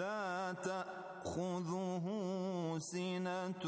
لا تأخذه سنة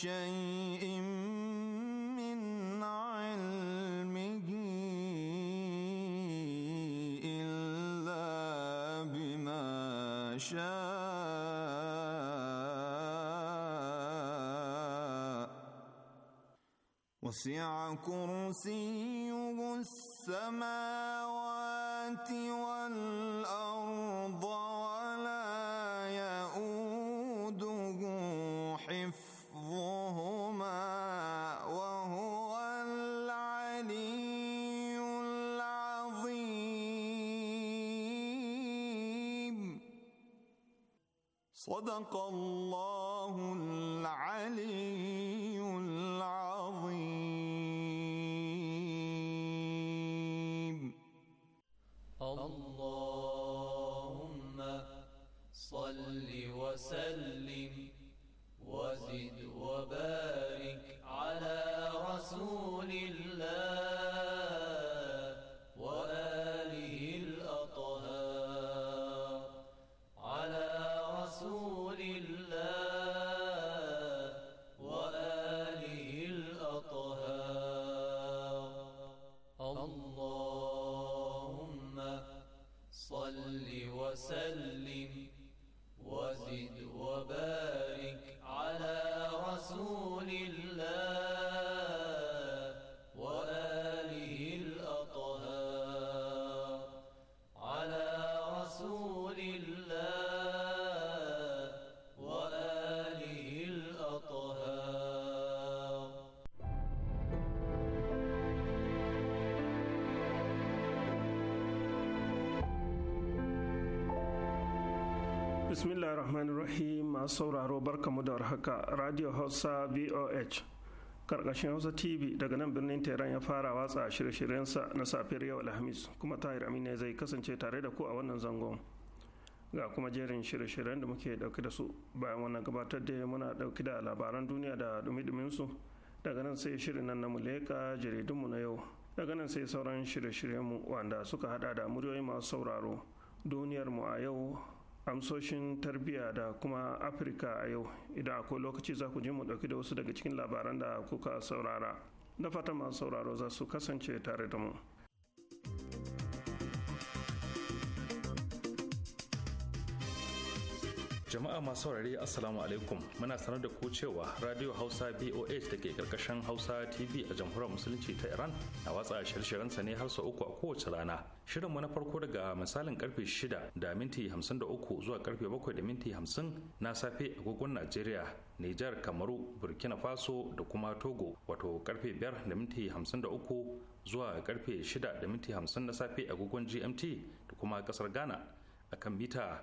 شيء من علمه إلا بما شاء وسع كرسيه السماء صدق الله العلي العظيم اللهم صل وسلم bismillah rahman rahim masu sauraro barkamu da warhaka radio hausa voh karkashin hausa tv daga nan birnin tehran ya fara watsa shirye-shiryensa na safiyar yau alhamis kuma tahir amina zai kasance tare da ku a wannan zangon ga kuma jerin shirye-shiryen da muke dauke da su bayan wannan gabatar da muna dauke da labaran duniya da dumi duminsu daga nan sai shirin nan na muleka jaridunmu na yau daga nan sai sauran shirye-shiryenmu wanda suka hada da muryoyi masu sauraro duniyarmu a yau amsoshin tarbiyya da kuma afirka a yau idan akwai lokaci za ku ji mu ɗauki da wasu daga cikin labaran da kuka saurara na fata masu sauraro za su kasance tare da mu jama'a masu saurari assalamu alaikum muna sanar da ku cewa radio hausa boh da ke karkashin hausa tv a jamhuriyar musulunci ta iran na watsa shirin sa ne har sau uku a kowace rana shirinmu na farko daga misalin karfe shida da minti 53 zuwa karfe bakwai da minti 50 na safe agogon najeriya nijar kamaru burkina faso da kuma togo wato karfe biyar da minti 53 zuwa karfe 6 da minti 50 na safe agogon gmt da kuma kasar ghana akan mita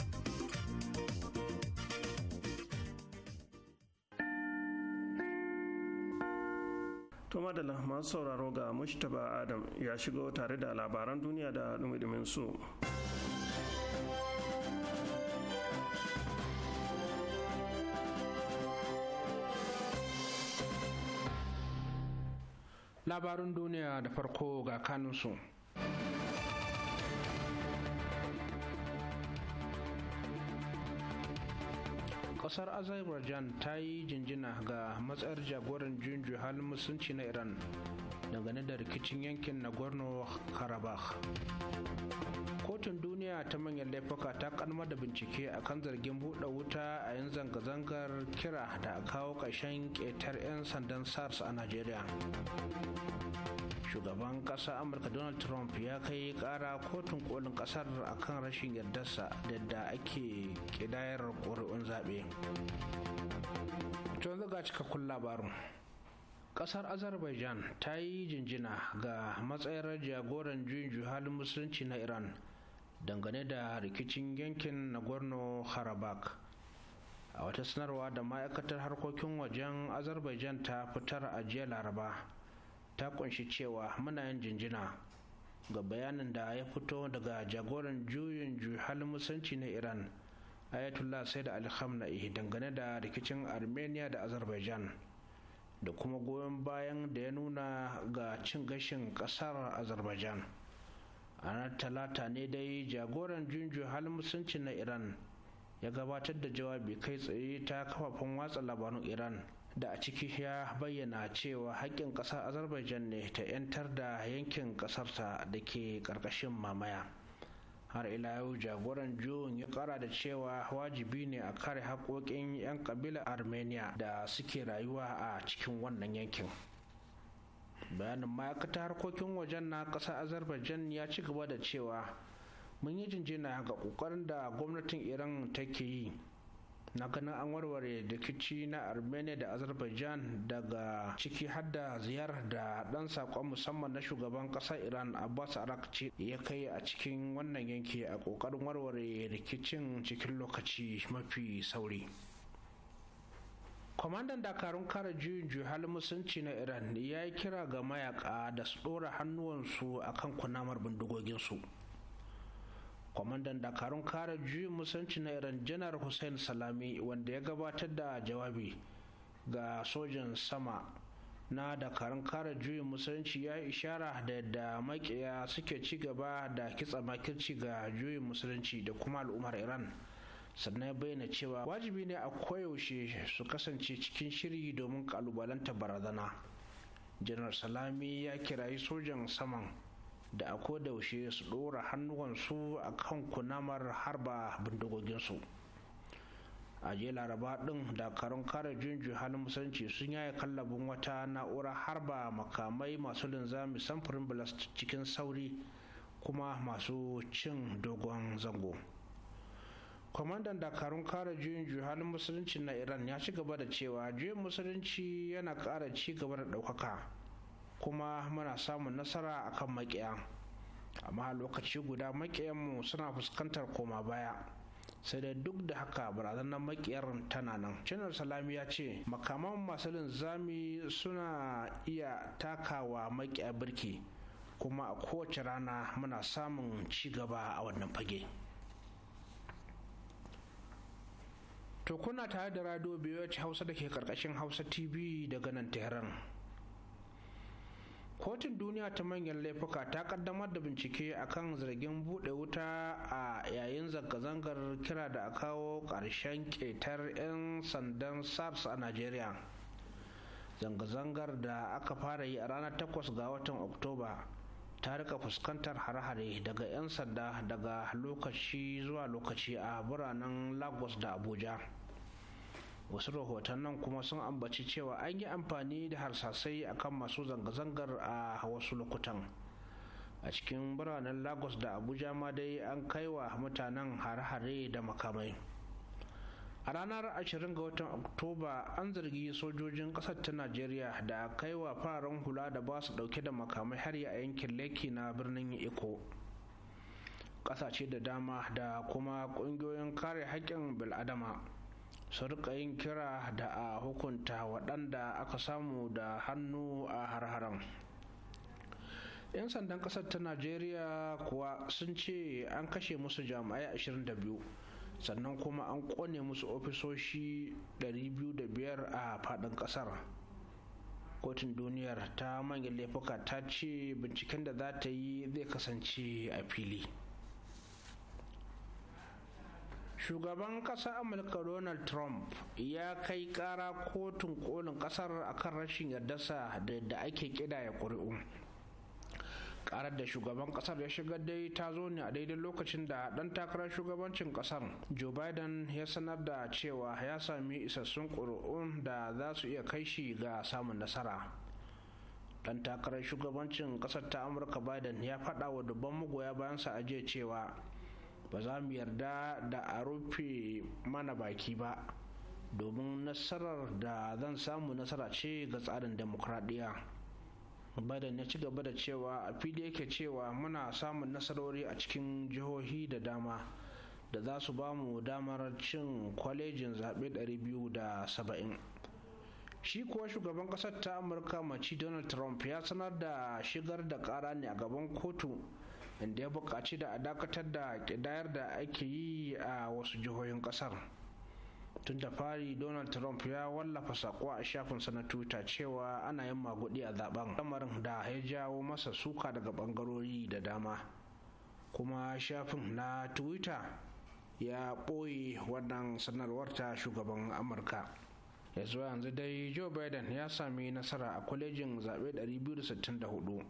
to madalla masu sauraro ga mushtaba adam ya shigo tare da labaran duniya da dumidumin su labarun duniya da farko ga kanunsu kasar azerbaijan ta yi jinjina ga matsayar jagoran junju halin musulunci na iran dangane da rikicin yankin nagorno-karabakh kotun duniya ta manyan laifuka ta kalmar da bincike akan zargin buɗe wuta a yin zanga-zangar kira da kawo ƙarshen ƙetar 'yan sandan sars a nigeria. shugaban ƙasa amurka donald trump ya kai ƙara kotun kolin ƙasar akan rashin yardarsa da da ake ƙidayar ƙuri'un zaɓe tun ga cikakkun labarun ƙasar azerbaijan ta yi jinjina ga matsayar jagoran juyin halin musulunci na iran dangane da rikicin yankin nagorno karabakh a wata sanarwa da ma'aikatar harkokin wajen azerbaijan ta fitar a jiya laraba ta kunshi cewa muna yin jinjina ga bayanin da ya fito daga jagoran juyin juhal musanci na iran ayatollah sai da alhamna'i dangane da rikicin armenia da azerbaijan da kuma goyon bayan da ya nuna ga cin gashin kasar azerbaijan a ranar talata ne dai jagoran junju musulunci na iran ya gabatar da jawabi kai tsaye ta kafafen watsa labarun iran da a ciki ya bayyana cewa haƙƙin ƙasar azerbaijan ne ta 'yantar da yankin ƙasarta da ke ƙarƙashin mamaya har ila yau jagoran juyin ya ƙara da cewa wajibi ne a kare haƙoƙin 'yan ƙabilar armenia da suke rayuwa a cikin wannan yankin bayanin ma'aikatar harkokin wajen na ƙasar azerbaijan ya ci gaba da cewa mun yi jinjina ga ƙoƙarin da gwamnatin iran take yi na ganin an warware rikici na armenia da azerbaijan daga ciki hadda ziyarar da dan sakon musamman na shugaban kasar iran abbas arakci ya kai a cikin wannan yanki a kokarin warware rikicin cikin lokaci mafi sauri kwamandan dakarun kare juyin juhal musulunci na iran ya yi kira ga mayaka da su ɗora hannuwansu akan kunamar bindigoginsu kwamandan dakarun kare juyin musanci na iran janar hussein salami wanda ya gabatar da jawabi ga sojan sama na dakarun kare juyin musulunci ya yi ishara da yadda makiya suke ci gaba da kitsa makirci ga juyin musulunci da kuma al'ummar iran sannan ya bayyana cewa wajibi ne a koyaushe su kasance cikin shiri domin kalubalanta barazana janar salami ya kirayi sojan saman da a kodaushe su ɗora hannuwansu a kan kunamar harba bindigoginsu a jiya laraba ɗin dakarun kare junju halin musanci sun yaya kallabin wata na'urar harba makamai masu linzami samfurin blast cikin sauri kuma masu cin dogon zango kwamandan dakarun kare juyin halin musulunci na iran ya ci gaba da cewa juyin musulunci yana ƙara ci gaba da ɗaukaka kuma muna samun nasara akan makiya amma lokaci guda makiyanmu suna fuskantar koma baya sai dai duk da haka barazanar makiyar tana nan janar salami ya ce makaman masu linzami suna iya takawa makiya birki kuma a kowace rana muna samun ci gaba a wannan fage to kuna tare da radio biyu hausa da ke karkashin hausa tv daga nan tehran kotun duniya ta manyan laifuka ta kaddamar da bincike a kan zargin buɗe wuta a yayin zanga-zangar kira da a kawo ƙarshen ƙetar 'yan sandan sars a Nigeria, zanga-zangar da aka fara yi a ranar takwas ga watan oktoba ta rika fuskantar hare-hare daga 'yan sanda daga lokaci zuwa lokaci a biranen lagos da abuja wasu rahotannin kuma sun ambaci cewa an yi amfani da harsasai akan masu zanga-zangar a wasu lokutan a cikin biranen lagos da abuja ma dai an kai wa mutanen hare-hare da makamai a ranar 20 ga watan oktoba an zargi sojojin kasar ta najeriya da kaiwa fararen hula da ba su dauke da makamai har a yankin leki na birnin iko kasashe da dama da kuma kungiyoyin kare haƙƙin bil'adama su rika yin kira da a hukunta waɗanda aka samu da hannu a harharan 'yan sandan ƙasar ta najeriya kuwa sun ce an kashe musu jami'ai 22 sannan kuma an ƙone musu ofisoshi 205 a faɗin ƙasar kotun duniyar ta manyan laifuka ta ce binciken da za ta yi zai kasance a fili shugaban ƙasa amurka donald trump ya kai ƙara kotun kolin ƙasar kan rashin yardarsa da yadda ake ƙidaya ƙuri'u karar da shugaban ƙasar ya shigar dai ta zo ne a daidai lokacin da ɗan takarar shugabancin ƙasar joe biden ya sanar da cewa ya sami isassun ƙuri'un da za su iya kai shi ga samun nasara dan takarar shugabancin kasar ta amurka biden ya faɗa wa dubban magoya bayansa a jiya cewa ba za mu yarda da a rufe mana baki ba domin nasarar da zan samu nasara ce ga tsarin demokradiyya badan ya ci gaba da cewa a fili yake cewa muna samun nasarori a cikin jihohi da dama da za su ba mu damar cin kwalejin zaɓe 270 shi kuwa shugaban ƙasar ta amurka maci donald trump ya sanar da shigar da ƙara ne a gaban kotu inda ya buƙaci da a dakatar da ƙidayar da ake yi a wasu jihohin ƙasar tun da fari donald trump ya wallafa saƙo a shafin na twitter cewa ana yin magudi a zaben lamarin da ya jawo masa suka daga ɓangarori da dama kuma shafin na twitter ya ɓoye wannan sanarwar ta shugaban amurka ya zuwa yanzu dai joe biden ya sami nasara a kwalejin zaɓe 264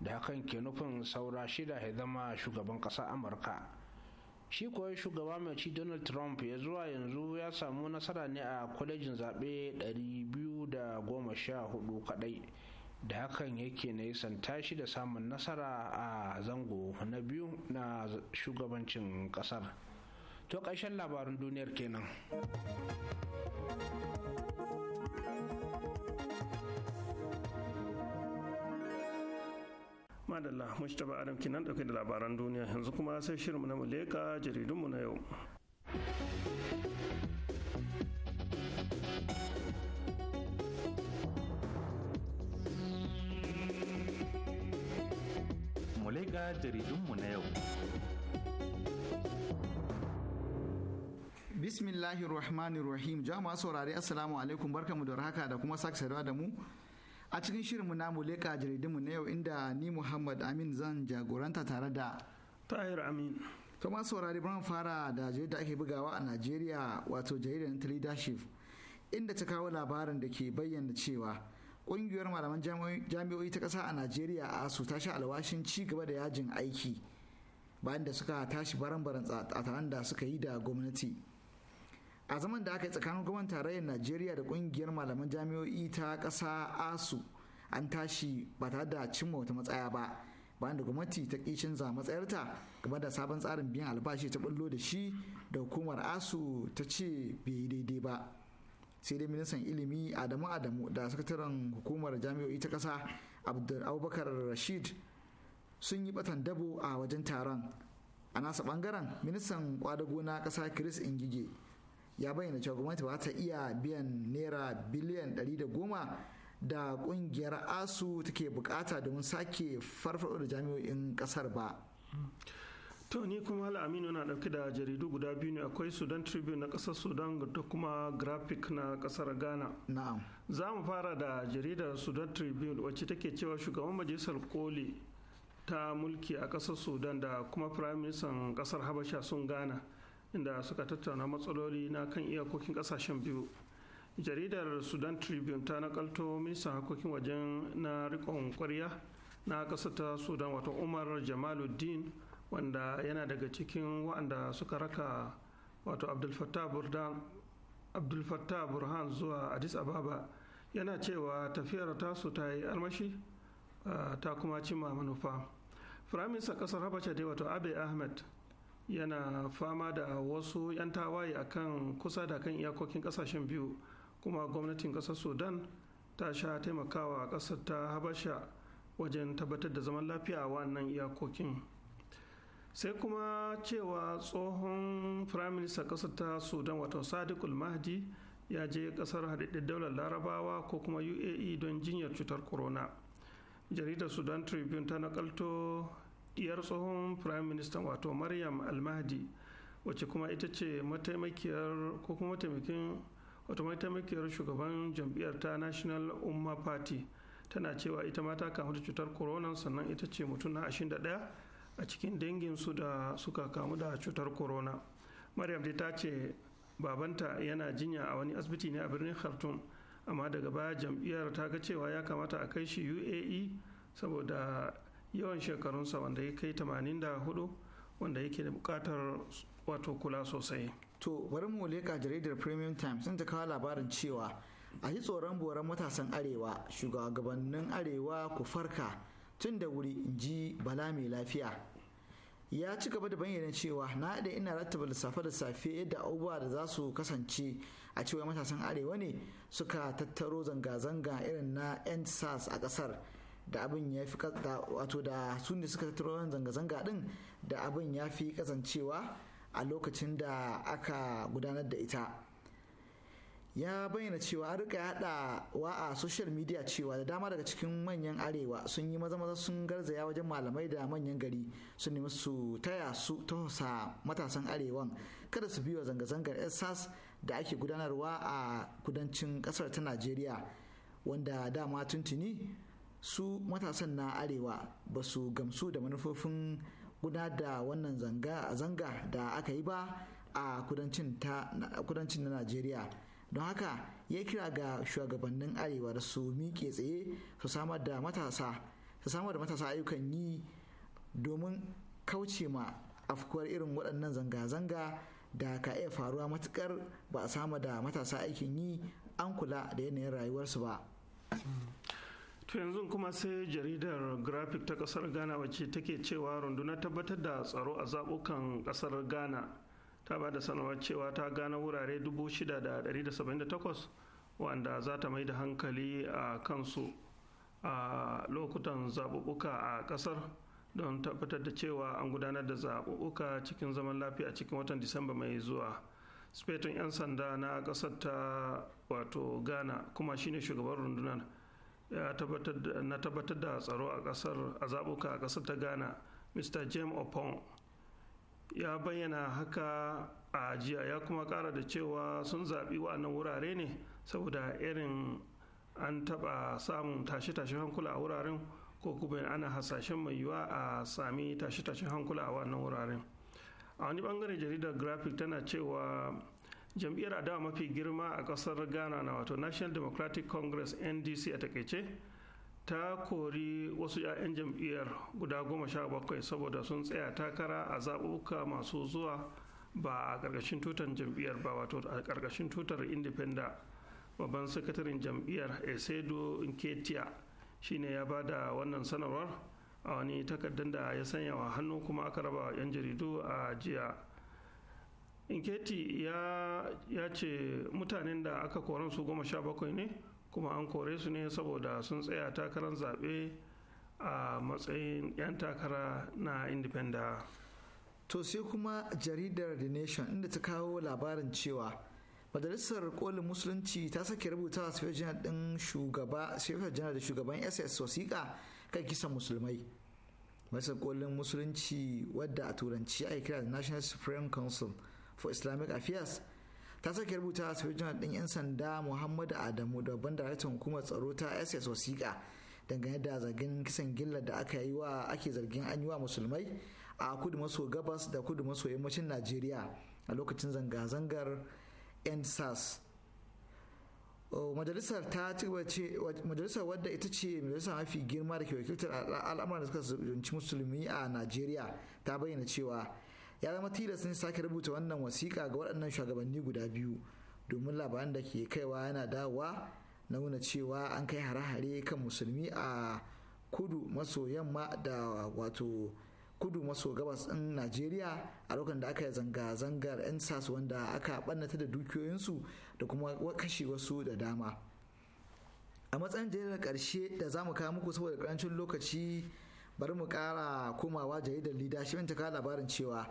da hakan ke nufin saura shida ya zama shugaban ƙasa amurka shi kuwa shugaba mai ci donald trump ya zuwa yanzu ya samu nasara ne a kwalejin zaɓe 214 kadai da hakan yake na isan tashi da samun nasara a zango na biyu na shugabancin ƙasar to ƙarshen labarin duniyar kenan madalla mustapha adam kinan dauke da labaran duniya yanzu kuma sai shirinmu na muleka jaridunmu na yau muleka jaridunmu na yau bismillahirrahmanirrahim jama'a saurari assalamu alaikum barkamu da haka da kuma sake saduwa da mu a cikin shirinmu na muleka mu na yau inda ni muhammad amin zan jagoranta tare da tahir amin to masu saurari bran fara da jarida ake bugawa a najeriya wato jaridar ta leadership inda ta kawo labarin da ke bayyana cewa ƙungiyar malaman jami'o'i ta ƙasa a najeriya a su ta sha alwashin ci gaba da yajin aiki bayan da suka tashi baran-baran a da suka yi da gwamnati a zaman da aka yi tsakanin gwamnan tarayyar najeriya da kungiyar malaman jami'o'i ta kasa asu an tashi ba tare da cimma wata matsaya ba bayan da gwamnati ta ƙi canza matsayarta game da sabon tsarin biyan albashi ta bullo da shi da hukumar asu ta ce bai daidai ba sai dai ministan ilimi adamu adamu da sakataren hukumar jami'o'i ta ƙasa abubakar rashid sun yi batan dabo a wajen taron a nasa bangaren ministan kwadago na kasa chris ingige ya bayyana cewa gwamnati ba ta iya biyan naira biliyan 110 da kungiyar asu take bukata domin sake farfado da jami'o'in kasar ba to ni kuma hala aminu na dauke da jaridu guda biyu ne akwai sudan tribune na kasar sudan da kuma graphic na kasar ghana za mu fara da jaridar sudan tribune wacce take cewa shugaban majalisar koli ta mulki a kasar sudan da kuma prime minister kasar habasha sun gana inda suka tattauna matsaloli na kan iyakokin kasashen biyu jaridar sudan tribune ta nakalto ministan harkokin wajen na rikon kwarya na ƙasar ta sudan wato umar jamaluddin wanda yana daga cikin waɗanda suka raka wato abdulfatta burhan zuwa addis ababa yana cewa tafiyar su ta yi armashi ah, ta kuma cimma manufa firaminista ƙasar habasha dai wato abe ahmed yana fama da wasu 'yan tawaye a kan kusa da kan iyakokin kasashen biyu kuma gwamnatin kasar sudan ta sha taimakawa a kasar ta habasha wajen tabbatar da zaman lafiya a wannan iyakokin sai kuma cewa tsohon firaminista kasar ta sudan wato sadiq mahdi ya je kasar haɗaɗɗen daular larabawa ko kuma uae don jinyar cutar corona jaridar sudan tribune ta nakalto diyar tsohon prime minister wato maryam almahdi wacce kuma ita ce mataimakiyar ko kuma mataimakin wato mataimakiyar shugaban jam'iyyar ta national umma party tana cewa ita mata ta kamu da cutar corona sannan ita ce mutum na 21 a cikin dangin su da suka kamu da cutar corona maryam dai ta ce babanta yana jinya a wani asibiti ne a birnin khartoum amma daga baya jam'iyyar ta ga cewa ya kamata a kai shi uae saboda yawan shekarunsa wanda ya kai 84 wanda yake da bukatar wato kula sosai to bari mu leka jaridar premium times sun ta kawo labarin cewa a yi tsoron boran matasan arewa shugabannin arewa ku farka tun da wuri in ji bala mai lafiya ya ci gaba da bayyana cewa na da ina rattaba lissafe lissafe yadda abubuwa da za su kasance a cewa matasan arewa ne suka tattaro zanga-zanga irin na 'yan sars a kasar da abin ya fi wato da su ne suka tattaro zanga-zanga din da abin ya fi kasancewa a lokacin da aka gudanar da ita ya bayyana cewa an rika yada wa a social media cewa da dama daga cikin manyan arewa sun yi maza maza sun garzaya wajen malamai da manyan gari sun nemi su taya su tahosa matasan arewan kada su biyo zanga-zangar sas da ake gudanarwa a kudancin kasar ta najeriya wanda dama tuntuni su matasan na arewa ba su gamsu da manufofin guda da wannan zanga da aka yi ba a kudancin na najeriya don haka ya kira ga shugabannin arewa da su miƙe tsaye su samar da matasa su samar da matasa ayyukan yi domin kauce ma afkuwar irin waɗannan zanga-zanga da ka iya faruwa matukar ba a samar da matasa aikin yi an kula da yanayin rayuwarsu ba To yanzu kuma sai jaridar graphic ta kasar Ghana wacce take cewa runduna tabbatar da tsaro a zabukan kasar Ghana ta ba da sanarwar cewa ta gano wurare 6,178 wanda za ta mai da hankali a kansu a lokutan zaɓuɓɓuka a ƙasar don tabbatar da cewa an gudanar da zaɓuɓɓuka cikin zaman lafiya a cikin watan Disamba mai zuwa. spetin 'yan sanda na ƙasar ta wato Ghana kuma shine shugaban rundunar. na tabbatar da tsaro a kasar a zabuka a kasar ta ghana mr james opon ya bayyana haka a jiya ya kuma kara da cewa sun zaɓi wa'annan wurare ne saboda irin an taɓa samun tashe-tashen hankula a wuraren ko kuma ana hasashen mai yiwuwa a sami tashe-tashen hankula a wannan wuraren a wani bangare jaridar graphic tana cewa jam'iyyar adawa mafi girma a kasar ghana na wato national democratic congress ndc a takaice ta kori wasu 'ya'yan jam'iyyar guda goma sha bakwai saboda sun tsaya takara a zaɓuɓɓuka masu zuwa ba a ƙarƙashin tutar jam'iyyar ba wato a ƙarƙashin tutar independa babban sakataren jam'iyyar esedo nketia shine ya ba wannan sanarwar a wani takardar da ya sanya wa hannu kuma aka raba 'yan jaridu a jiya inketi ya ya ce mutanen da aka koran su goma sha bakwai ne kuma an kore su ne saboda sun tsaya takarar zaɓe a matsayin 'yan takara na independa to sai kuma jaridar the nation inda ta kawo labarin cewa majalisar kolin musulunci ta sake rubuta a sufiyar din shugaba sufiyar janar da shugaban ss wasiƙa kan kisan musulmai majalisar kolin musulunci wadda a turanci a kira da national supreme council for islamic affairs ta sake rubuta a sojojin ɗin 'yan sanda muhammadu adamu da babban daraktan hukumar tsaro ta ss wasiƙa dangane da zargin kisan gillar da aka yi wa ake zargin an yi wa musulmai a kudu maso gabas da kudu maso yammacin najeriya a lokacin zanga-zangar endsars majalisar ta ce majalisar wadda ita ce majalisar mafi girma da ke wakiltar al'amuran da suka zunci musulmi a najeriya ta bayyana cewa ya zama tilas sake rubuta wannan wasiƙa ga waɗannan shugabanni guda biyu domin labaran da ke kaiwa yana dawowa na nuna cewa an kai hare-hare kan musulmi a kudu maso yamma da wato kudu maso gabas ɗin najeriya a lokacin da aka yi zanga-zangar 'yan sasu wanda aka ɓannata da dukiyoyinsu da kuma kashe wasu da dama a matsayin jaridar ƙarshe da za mu kawo muku saboda ƙarancin lokaci bari mu ƙara komawa jaridar leadership ta kawo labarin cewa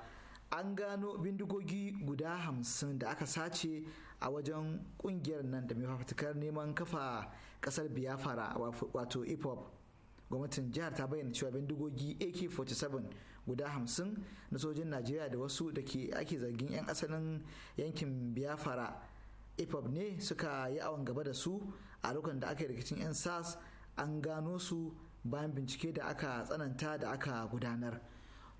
an gano bindigogi guda hamsin da aka sace a wajen kungiyar nan da mai neman kafa kasar biafra wato ipop e gwamnatin jihar ta bayyana cewa bindigogi ak-47 guda hamsin na sojin najeriya da wasu da ke ake zargin 'yan asalin yankin biafra ipop e ne suka yi awon gaba da su a lokacin da aka yi rikicin 'yan sas an gano su bayan bincike da aka tsananta da aka gudanar.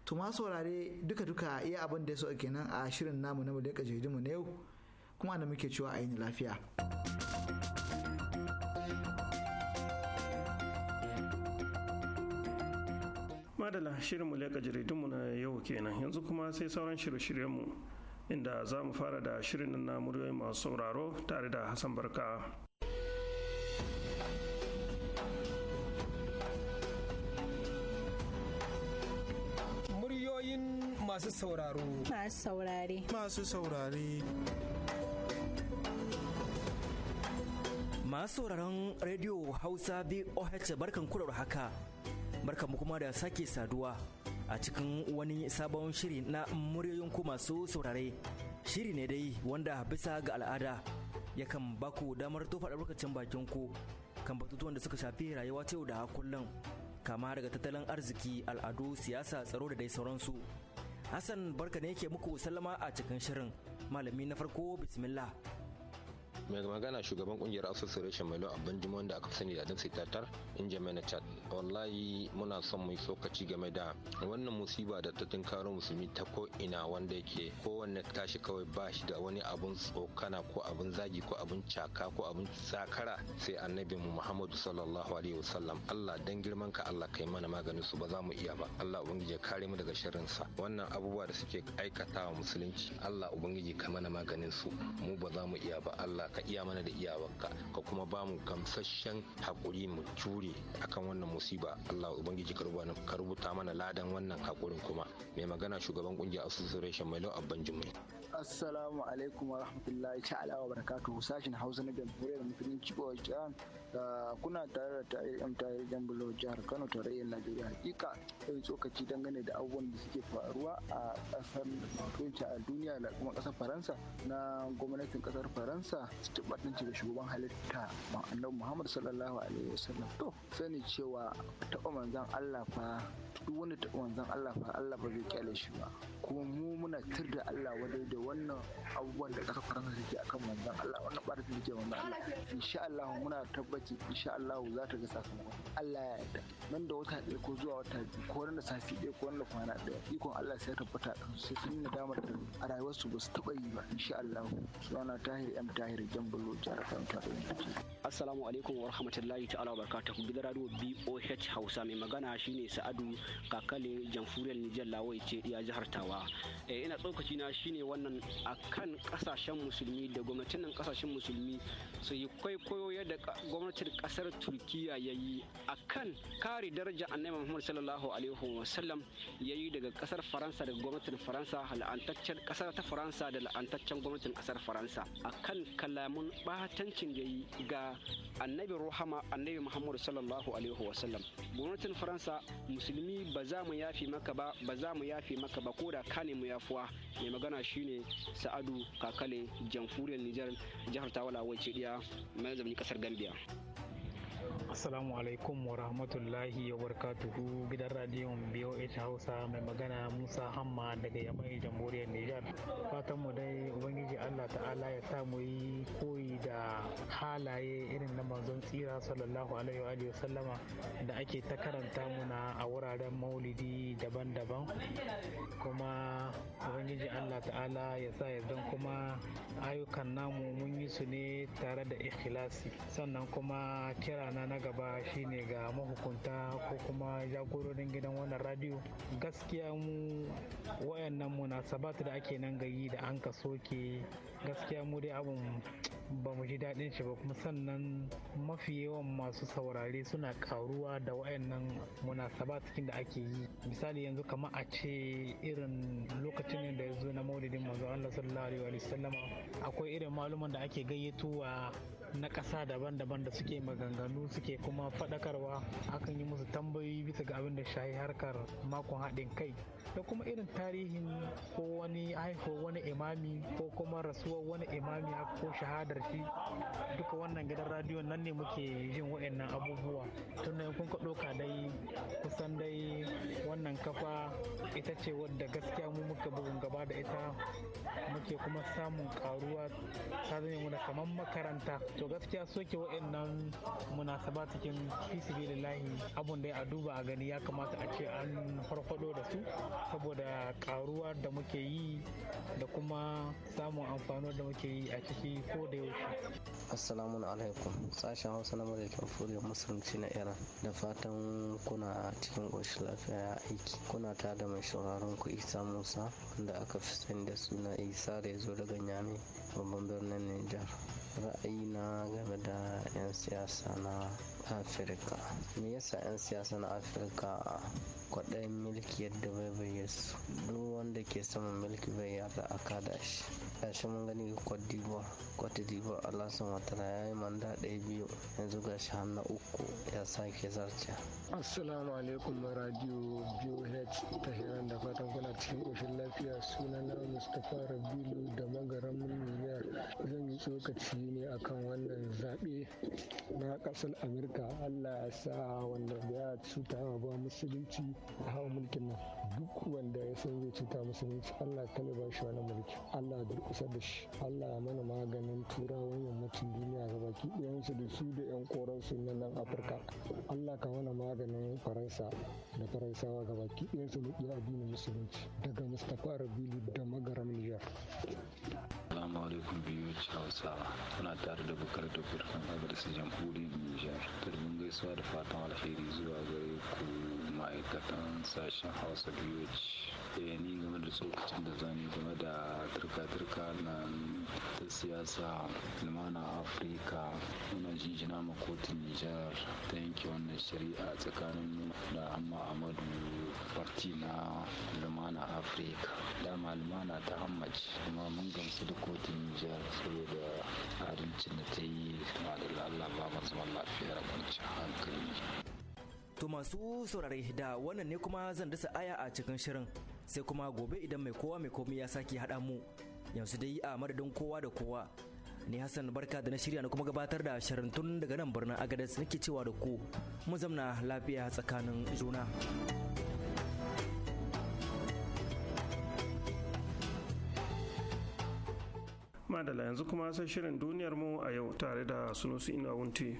to ma saurare duka duka iya abin da ya so kenan a shirin namu na mulika mu na yau kuma na muke cewa a yi lafiya. madala shirin mulika jaridunmu na yau kenan yanzu kuma sai sauran shirye-shiryenmu inda za mu fara da shirin na muryoyi masu sauraro tare da hassan barka masu sauraro masu saurare masu saurare masu sauraron rediyo hausa boh barkan kurar haka barkan kuma da sake saduwa a cikin wani sabon shiri na muryoyin ku masu saurare shiri ne dai wanda bisa ga al'ada yakan baku damar tofa albarkacin bakin ku kan batutuwan da suka shafi rayuwa ta yau da kullum kama daga tattalin arziki al'adu siyasa tsaro da dai sauransu Hassan barka ne yake muku sallama a cikin shirin. Malami na farko bismillah. mai magana shugaban kungiyar association mai lo abban jima wanda aka sani da adin tatar in jami'a chad wallahi muna son mu tsokaci game da wannan musiba da ta tunkaro musulmi ta ko ina wanda yake kowanne tashi kawai ba shi da wani abun tsokana ko abun zagi ko abun caka ko abun zakara sai annabi mu muhammadu sallallahu alaihi wasallam allah dan girman ka allah kai mana maganin su ba za mu iya ba allah ubangiji ya kare mu daga sharrin sa wannan abubuwa da suke aikata wa musulunci allah ubangiji ka mana maganin su mu ba za mu iya ba allah ka iya mana da iyawanka ka kuma ba mu gamsasshen haƙuri mu jure akan wannan musiba Allah ubangiji ka rubuta mana ladan wannan haƙurin kuma mai magana shugaban kungiyar asusun reshen mai abban jimai assalamu alaikum wa rahmatullahi ta'ala wa barakatuhu sashin hausa na jamhuriyar mutumin cibo jihar kuna tare da ta yan jan bulo jihar kano tarayyar najeriya hakika yin tsokaci dangane da abubuwan da suke faruwa a kasar a duniya da kuma kasar faransa na gwamnatin kasar faransa istinbaɗin ga shugaban halitta annabi muhammad sallallahu alaihi wasallam to sani cewa taɓa manzan allah fa duk wani taɓa manzan allah fa allah ba zai kyale shi ba kuma mu muna tir da allah wadai da wannan abubuwan da ƙasar faransa take akan manzan allah wannan ba da take manzan allah insha allah muna tabbaci insha allah za ta ga sakamakon allah ya yarda nan da wata ɗaya ko zuwa wata biyu ko wani da sati ɗaya ko wani da kwana ɗaya ikon allah sai ya tabbata sai sun yi nadamar a rayuwarsu ba su taɓa yi ba insha allah suna tahir yan tahir jan bulo jihar Kanta Assalamu alaikum wa rahmatullahi ta'ala wa barakatuhu gidan radio BOH Hausa mai magana shine Sa'adu Kakale Jamfuriyar Nijar Lawai ce iya jihar Tawa. Eh, ina tsokaci na shine wannan akan kasashen musulmi da gwamnatin nan kasashen musulmi su yi kwaikwayo yadda gwamnatin kasar Turkiya yayi akan kare daraja Annabi Muhammad sallallahu alaihi wa sallam yayi daga kasar Faransa daga gwamnatin Faransa la'antaccen kasar ta Faransa da la'antaccen gwamnatin kasar Faransa akan lamun batancin da yi ga annabi rahama annabi muhammadu sallallahu alaihi wasallam gwamnatin faransa musulmi ba za mu yafi maka ba ba za mu yafi maka ba koda ka ne mu yafuwa mai magana shine sa'adu kakale jamhuriyar nijar jihar tawala wacce diya mai kasar gambia Assalamu alaikum wa rahmatullahi wa barakatuhu gidan radiyon BOH Hausa mai magana Musa Hamma daga yamai jamhuriyar Nijar. Fatan mu dai Ubangiji Allah ta'ala ya sa mu yi koyi da halaye irin na manzon tsira sallallahu alaihi wa sallama da ake ta karanta mu na wuraren maulidi daban-daban kuma ubangiji allah ta'ala ya sa yardan kuma ayyukan namu mun yi su ne tare da ikhlasi sannan kuma kirana na gaba shine ga mahukunta ko kuma jagororin gidan wannan radio gaskiya mu wayannan munasabat da ake nan gayi da an ka soke gaskiya mu dai abin ba mu ji daɗin shi ba kuma sannan mafi yawan masu saurare suna karuwa da wayannan cikin da ake yi misali yanzu kamar a ce irin lokacin da ya zo na maulidin manzo Allah sallallahu alaihi wa akwai irin maluman da ake gayyatowa na ƙasa daban-daban da suke maganganu suke kuma faɗakarwa akan yi musu tambayoyi bisa ga abin da shahi harkar makon haɗin kai da kuma irin tarihin ko wani haifo wani imami ko kuma rasuwar wani imami ko shahadar shi duka wannan gidan radiyon nan ne muke yin waɗannan abubuwa tun da kun ka ɗauka dai kusan dai wannan kafa ita ce wadda gaskiya mu muka bugun gaba da ita muke kuma samun karuwa ta zama muna kaman kamar makaranta to gaskiya soke wa'annan munasaba cikin lillahi abun da ya duba a gani ya kamata a ce an farfado da su saboda karuwa da muke yi da kuma samun amfano da muke yi a ciki ko da yaushe assalamu alaikum sashen hausa na mulkin fuliyar musulunci na iran da fatan kuna cikin goshin lafiya ya aiki kuna ta da mai shauraron ku isa musa da aka fi sani da suna isa da ya zo daga nyame babban birnin nijar ra'ayi na game da 'yan siyasa na afirka me yasa 'yan siyasa na afirka kwaɗayin milki yadda bai bayyasu duk wanda ke saman milki bai yada a kada shi gashi mun gani kwaddi cote d'ivoire allah watara ya yi manda ɗaya biyu yanzu ga shi na uku ya sake zarce assalamu alaikum radio boh ta hiran da fatan kuna cikin ƙoshin lafiya suna na mustapha rabilu da magaran miliyar zan yi tsokaci ne akan wannan zaɓe na ƙasar amurka allah ya sa wanda ya cuta ba musulunci a hawa mulkin nan duk wanda ya san zai cuta musulunci allah kale ba shi wani mulki allah ya durƙusa da shi allah ya mana maganin turawan yammacin duniya ga baki ɗayansu da su da 'yan koransu na nan afirka allah ka mana maganin faransa da faransawa ga baki ɗayansu maƙiya addinin musulunci daga mustapha rabili da magaram niger Assalamu alaikum biyu Hausa kuna tare da bukar da burkan jamhuri jamhuriyar Nijar. Turbin gaisuwa da fatan alheri zuwa gare ku ma'aikatan sashen Hausa biyu ni game da tsokacin da zani game da turka-turka na ta siyasa lumana afirka muna jinjina ma kotun nijar ta yanke wannan shari'a tsakanin da amma amadu farti na lumana afirka dama lumana ta hammaci kuma mun gamsu da kotun nijar saboda adalcin da ta yi ma da allah ba masu lafiya da kwanciyar hankali To masu saurare da wannan ne kuma zan dasa aya a cikin shirin sai kuma gobe idan mai kowa mai komai ya sake haɗa mu yanzu dai a madadin kowa da kowa ni hassan barka da na shirya na kuma gabatar da shirin tun daga nan birnin agadas nake cewa da ku mu zamna lafiya tsakanin juna madala yanzu kuma sai shirin duniyar mu a yau tare da sunusu ina wunti.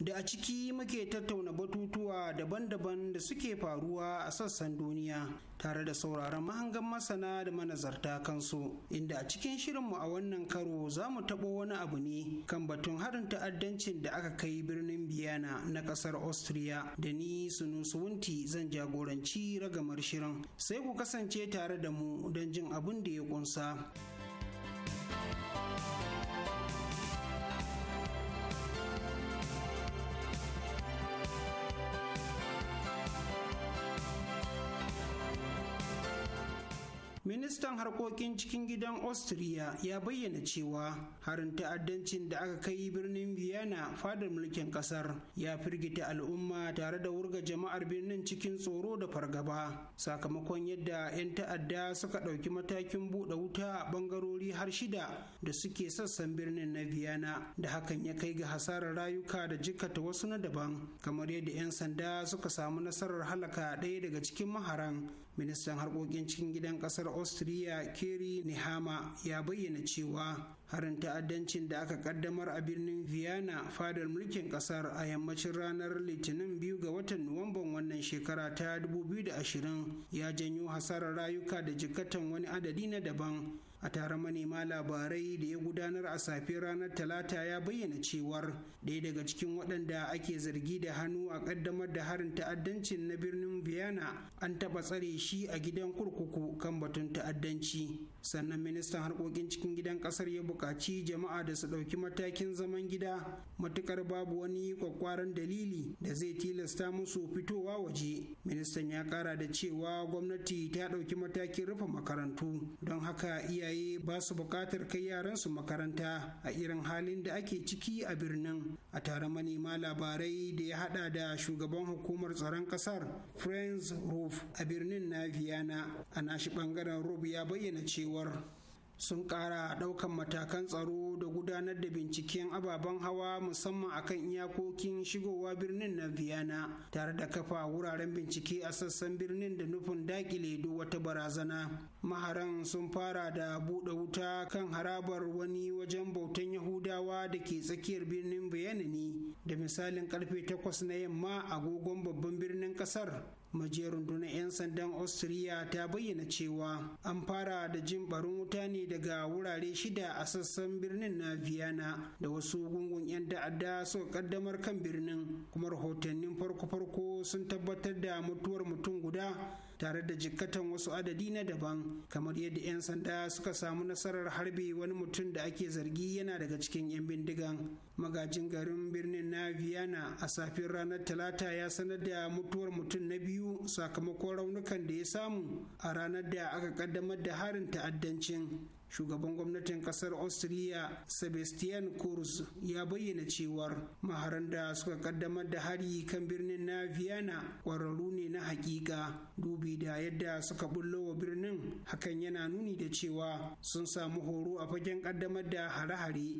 da a ciki muke tattauna batutuwa daban-daban da suke faruwa a sassan duniya tare da sauraron mahangan masana da manazarta kansu inda a cikin shirinmu a wannan karo za mu taɓo wani abu ne kan batun harin ta'addancin da aka kai birnin biyana na ƙasar austria da ni sunusuwunti zan jagoranci ragamar shirin sai ku kasance tare da mu don jin abin da ya ƙunsa. ministan harkokin cikin gidan austria ya bayyana cewa harin ta'addancin da aka kai birnin vienna fadar mulkin kasar ya firgita al'umma tare da wurga jama'ar birnin cikin tsoro da fargaba sakamakon yadda 'yan ta'adda suka ɗauki matakin buɗe wuta a ɓangarori har shida da suke sassan birnin na vienna da hakan ya kai ga hasarar rayuka da jikata wasu na daban kamar yadda 'yan sanda suka samu nasarar halaka ɗaya daga cikin maharan ministan harkokin cikin gidan kasar austria keri nihama ya bayyana cewa harin ta'addancin da aka kaddamar a birnin vienna fadar mulkin kasar a yammacin ranar litinin biyu ga watan nuwamban wannan shekara ta 2020 ya janyo hasarar rayuka da jikatan wani adadi na daban a taron manema labarai da ya gudanar a safiyar ranar talata ya bayyana cewar ɗaya daga cikin waɗanda ake zargi da hannu a ƙaddamar da harin ta'addancin na birnin Viana an taɓa tsare shi a gidan kurkuku kan batun ta'addanci sannan ministan harkokin cikin gidan ƙasar ya buƙaci jama'a da su ɗauki matakin zaman gida matuƙar babu wani kwakwaran dalili da zai tilasta musu fitowa waje ministan ya ƙara da cewa gwamnati ta ɗauki matakin rufe makarantu don haka iya iyaye ba su buƙatar kai yaransu makaranta a irin halin da ake ciki a birnin a tare manema labarai da ya hada da shugaban hukumar tsaron ƙasar friends roof a birnin na vienna a nashi ɓangaren roof ya bayyana cewar sun ƙara ɗaukan matakan tsaro da gudanar da binciken ababen hawa musamman akan iyakokin shigowa birnin na Vienna tare da kafa wuraren bincike a sassan birnin da nufin dakile do wata barazana. Maharan sun fara da buɗe wuta kan harabar wani wajen bautan Yahudawa da ke tsakiyar birnin Vienna ne da misalin karfe takwas na yamma agogon babban birnin ƙasar majiyar rundunar 'yan sandan austria ta bayyana cewa an fara da jin barin wuta ne daga wurare shida a sassan birnin na viana da wasu gungun 'yan da'adda suka kaddamar kan birnin kuma rahotannin farko-farko sun tabbatar da mutuwar mutum guda tare da jikkatan wasu adadi na daban kamar yadda 'yan sanda suka samu nasarar harbe wani mutum da ake zargi yana daga cikin 'yan bindigan magajin garin birnin na viana a safin ranar talata ya sanar da mutuwar mutum na biyu sakamakon raunukan da ya samu a ranar da aka kaddamar da harin ta'addancin shugaban gwamnatin kasar austria sebastian kurz ya bayyana cewar maharan da suka kaddamar da hari kan birnin na vienna kwararru ne na hakika dubi da yadda suka bullo wa birnin hakan yana nuni da cewa sun samu horo a fagen kaddamar da hare-hare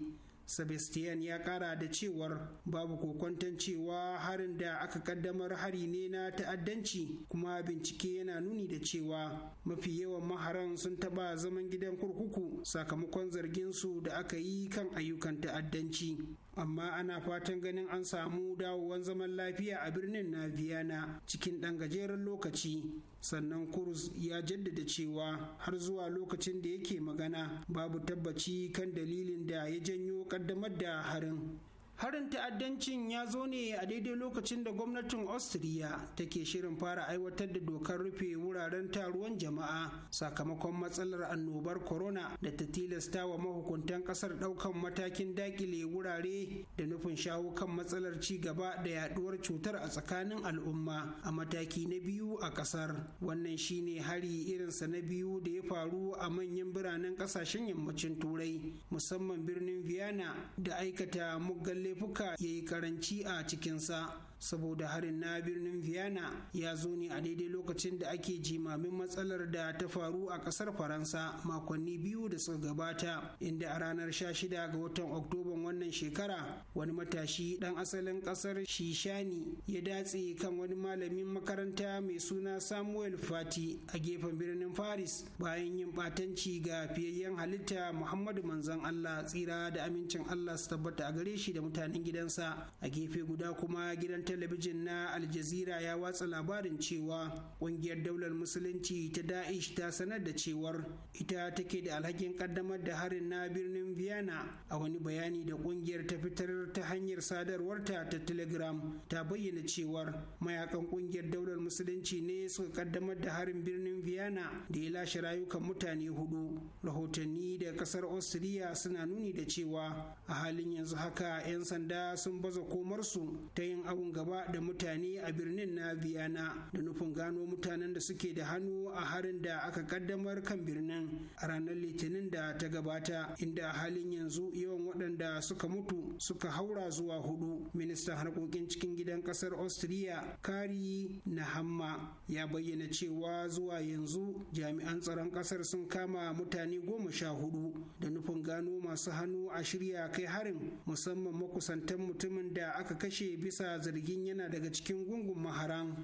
Sebastian ya kara da cewar babu kokwanton cewa harin da aka kaddamar hari ne na ta'addanci kuma bincike yana nuni da cewa mafi yawan maharan sun taba zaman gidan kurkuku sakamakon zargin su da aka yi kan ayyukan ta'addanci. amma ana fatan ganin an samu dawowan zaman lafiya a birnin na Vienna cikin ɗan gajeren lokaci. Sannan Kurz ya jaddada cewa har zuwa lokacin da yake magana babu tabbaci kan dalilin da ya janyo ƙaddamar da harin. harin ta'addancin ya zo ne a daidai lokacin da gwamnatin austria take shirin fara aiwatar da dokar rufe wuraren taruwan jama'a sakamakon matsalar annobar corona da ta tilasta wa mahukuntan kasar daukan matakin dakile wurare da nufin shawo kan matsalar ci gaba da yaduwar cutar a tsakanin al'umma a mataki na biyu a kasar wannan shine hari irinsa na biyu da ya faru a manyan biranen kasashen yammacin turai musamman birnin vienna da aikata muggan laifuka ya yi karanci a cikinsa saboda harin na birnin Vienna ya zo ne a daidai lokacin da ake jimamin matsalar da ta faru a kasar Faransa makonni biyu da suka gabata inda a ranar 16 ga watan Oktoban wannan shekara wani matashi dan asalin kasar Shishani ya datse kan wani malamin makaranta mai suna Samuel Fati a gefen birnin Paris bayan yin batanci ga fiyayyen halitta Muhammadu manzon Allah tsira da amincin Allah su tabbata a gare shi da mutanen gidansa a gefe guda kuma gidan talabijin na aljazira ya watsa labarin cewa ƙungiyar daular musulunci ta da'ish ta sanar da cewar ita take da alhakin kaddamar da harin na birnin viana a wani bayani da ƙungiyar ta fitar ta hanyar sadarwarta ta telegram ta bayyana cewar mayakan ƙungiyar daular musulunci ne suka kaddamar da harin birnin viana da ya lashe rayukan mutane hudu rahotanni da kasar austria suna nuni da cewa a halin yanzu haka 'yan sanda sun baza komarsu ta yin abun gaba da mutane a birnin na viyana da nufin gano mutanen da suke da hannu a harin da aka kaddamar kan birnin a ranar Litinin da ta gabata inda a halin yanzu yawan waɗanda suka mutu suka haura zuwa hudu. Ministan harkokin cikin gidan ƙasar Austria Kari na Hamma, ya bayyana cewa zuwa yanzu jami'an tsaron ƙasar sun kama mutane goma sha hudu da nufin gano masu hannu a shirya kai harin musamman makusantan mutumin da aka kashe bisa zargi zargin yana daga cikin gungun maharan.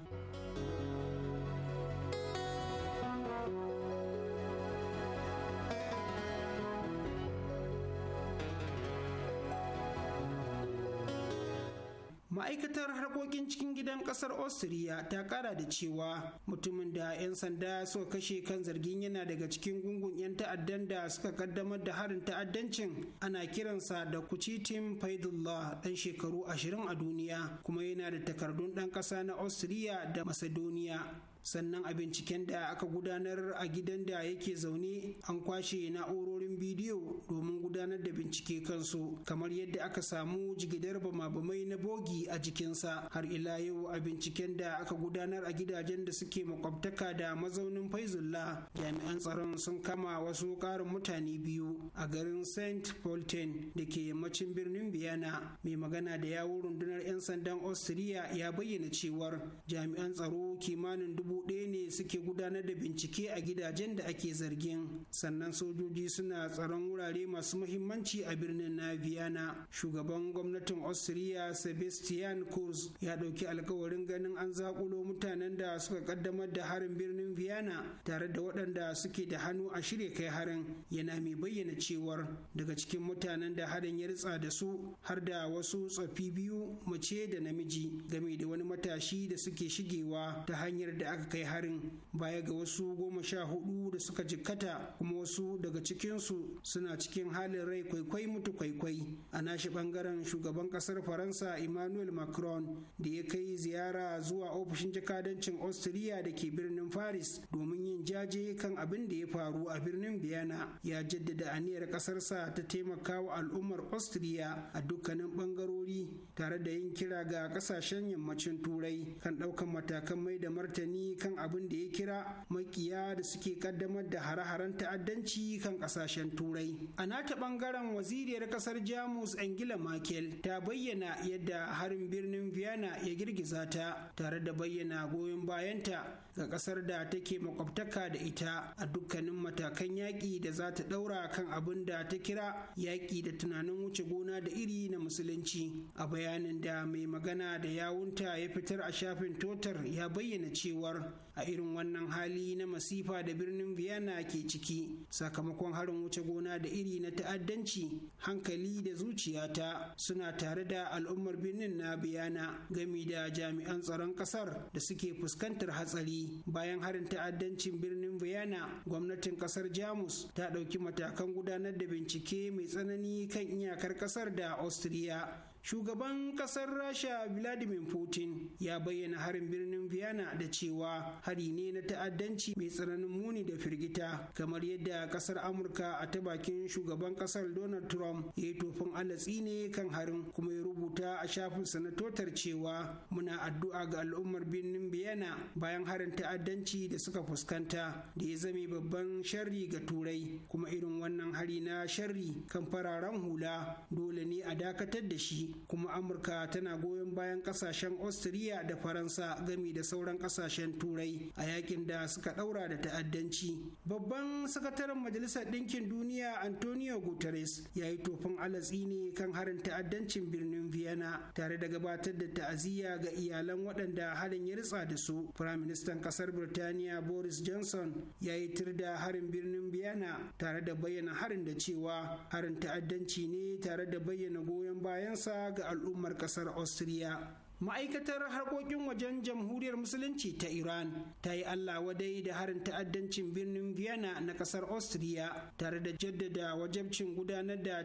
ma'aikatar harkokin cikin gidan kasar austria ta kara da cewa mutumin da 'yan sanda suka kashe kan zargin yana daga cikin gungun 'yan ta'addan da suka kaddamar da harin ta'addancin ana kiransa da kucitin faidullah dan shekaru ashirin a duniya kuma yana da takardun dan kasa na austria da macedonia sannan a binciken da aka gudanar a gidan da yake zaune an kwashe na'urorin bidiyo domin gudanar da bincike kansu kamar yadda aka samu jigidar bama-bamai na bogi a jikinsa har ila yau a binciken da aka gudanar a gidajen da suke makwabtaka da mazaunin faizullah jami'an tsaron sun kama wasu ƙarin mutane biyu a garin st polten da ke yammacin birnin biyana mai magana da yawun rundunar 'yan sandan austria ya bayyana cewar jami'an tsaro kimanin dubu buɗe ne suke gudanar da bincike a gidajen da ake zargin sannan sojoji suna tsaron wurare masu muhimmanci a birnin na viana shugaban gwamnatin Austria Sebastian Kurz ya ɗauki alkawarin ganin an zaƙulo mutanen da suka kaddamar da harin birnin viyana tare da waɗanda suke da hannu a shirya kai harin yana mai bayyana cewar daga cikin mutanen da harin ya ritsa da su har da wasu tsofi biyu mace da namiji game da wani matashi da suke shigewa ta hanyar da aka Akai kai harin baya ga wasu goma sha hudu da suka jikkata kuma wasu daga cikinsu suna cikin halin rai kwaikwai mutu kwaikwai a nashi bangaren shugaban kasar faransa emmanuel macron da ya kai ziyara zuwa ofishin jakadancin austria da ke birnin paris domin yin jaje kan abin da ya faru a birnin biyana ya jaddada aniyar kasarsa ta taimaka wa al'ummar austria a dukkanin bangarori tare da yin kira ga kasashen yammacin turai kan ɗaukan matakan mai da martani kan abin da ya kira makiya da suke kaddamar da hare-haren ta'addanci kan kasashen turai a nata bangaren waziriyar kasar jamus angela merkel ta bayyana yadda harin birnin vienna ya girgiza ta tare da bayyana goyon bayanta ga kasar da take makwabtaka da ita a dukkanin matakan yaƙi da za ta ɗaura kan abin da ta kira yaƙi da tunanin wuce gona da iri na musulunci a bayanin da mai magana da yawunta ya fitar a shafin totar ya bayyana cewar a irin wannan hali na masifa da birnin Vienna ke ciki sakamakon harin wuce gona da iri na ta'addanci hankali da zuciyata suna tare da al'ummar birnin na biyana gami da jami'an tsaron kasar da suke fuskantar hatsari bayan harin ta'addancin birnin Vienna gwamnatin kasar Jamus ta ɗauki matakan gudanar da bincike mai tsanani kan iyakar kasar da Austria shugaban kasar rasha vladimir putin ya bayyana harin birnin vienna da cewa hari ne na ta'addanci mai tsananin muni da firgita kamar yadda kasar amurka a ta bakin shugaban kasar donald trump ya yi tofin alatsi ne kan harin kuma ya rubuta a shafin sanatotar cewa muna addu'a ga al'ummar birnin vienna bayan harin ta'addanci da suka fuskanta da ya zame babban sharri ga turai kuma irin wannan hari na sharri kan fararen hula dole ne a dakatar da shi kuma amurka tana goyon bayan kasashen austria da faransa gami da sauran kasashen turai a yakin da suka daura da ta'addanci babban sakataren majalisar ɗinkin duniya antonio guterres ya yi tofin alatsi ne kan harin ta'addancin birnin vienna tare da gabatar da ta'aziyya ga iyalan waɗanda harin ya ritsa da su firaministan ƙasar birtaniya boris johnson ya yi tir da harin birnin vienna tare da bayyana harin da cewa harin ta'addanci ne tare da bayyana goyon bayansa ga al'ummar kasar austria ma'aikatar harkokin wajen jamhuriyar musulunci ta iran ta yi allah wadai da harin ta'addancin birnin vienna na kasar austria tare da jaddada wajabcin gudanar da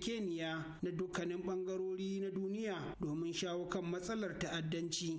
keniya na dukkanin bangarori na duniya domin shawo kan matsalar ta'addanci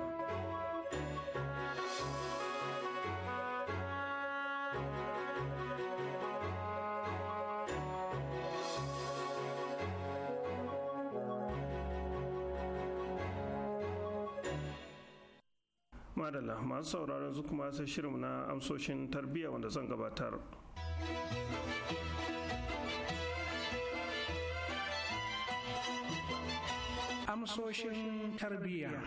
madalla masu sauraron su kuma sai shirin na amsoshin tarbiyya wanda zan gabatar amsoshin tarbiyya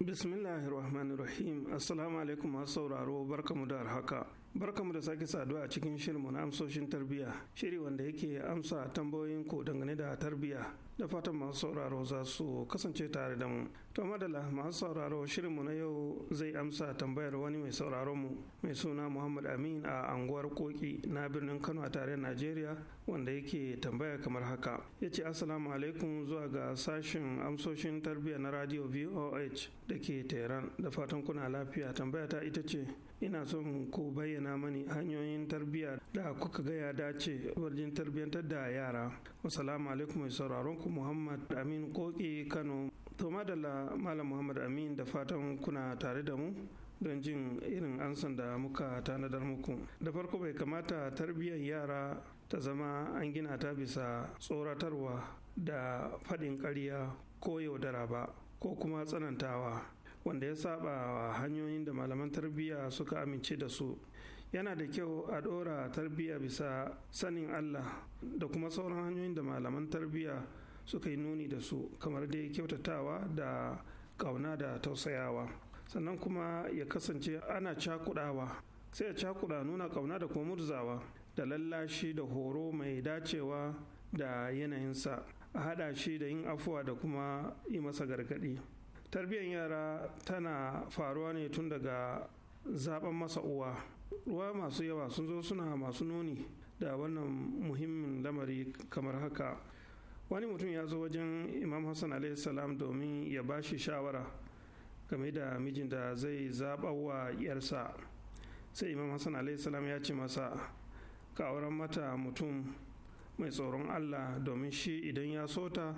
bismillahir rahmanir rahim assalamu alaikum masu sauraro barkamu da haka Barkamu da sake saduwa a cikin shirinmu na amsoshin tarbiyya, shiri wanda yake amsa tambayoyin ku dangane da tarbiyya da fatan masu sauraro za su kasance tare da mu. To madala masu sauraro shirinmu na yau zai amsa tambayar wani mai sauraron mu mai suna Muhammad Amin a anguwar Koki na birnin Kano a tarayyar Najeriya wanda yake tambaya kamar haka. Ya ce Assalamu alaikum zuwa ga sashen amsoshin tarbiyya na Radio VOH da ke Tehran da fatan kuna lafiya tambaya ta ita ce ina son ku bayyana mani hanyoyin tarbiyya da kuka gaya ya dace wajen tarbiyyantar da yara wasalamu alaikum mai sauraron ku muhammad amin koki kano to madalla malam muhammad amin da fatan kuna tare da mu don jin irin ansan da muka tanadar muku da farko bai kamata tarbiyyar yara ta zama an gina ta bisa tsoratarwa da faɗin ƙarya ko yaudara ba ko kuma tsanantawa wanda ya saba wa hanyoyin da malaman tarbiyya suka amince da su yana da kyau a ɗora tarbiyya bisa sanin allah da kuma sauran hanyoyin da malaman tarbiyya suka yi nuni da su kamar dai kyautatawa da ƙauna da tausayawa sannan kuma ya kasance ana cakudawa sai a cakuda nuna ƙauna da kuma murzawa da lallashi da horo mai dacewa da yanayinsa a haɗa shi da yin afuwa da kuma yi masa gargaɗi tarbiyyar yara tana faruwa ne tun daga zaben masa uwa ruwa masu yawa sun zo suna masu noni. da wannan muhimmin lamari kamar haka wani mutum ya zo wajen imam hassan salam domin ya ba shi shawara game da mijin da zai zaɓa wa yarsa sai imam hassan salam ya ce masa ka mata mutum mai tsoron allah domin shi idan ya sota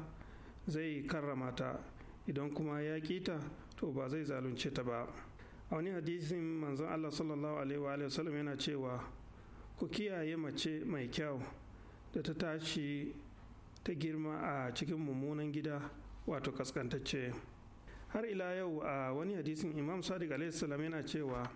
zai karrama ta idan kuma ya ƙita to ba zai zalunce ta ba a wani hadisin manzon Allah sallallahu alaihi wa sallam yana cewa ku kiyaye mace mai kyau da ta tashi ta girma a cikin mummunan gida wato kaskantacce har ila yau a wani hadisin imam sadiq alaihi yana cewa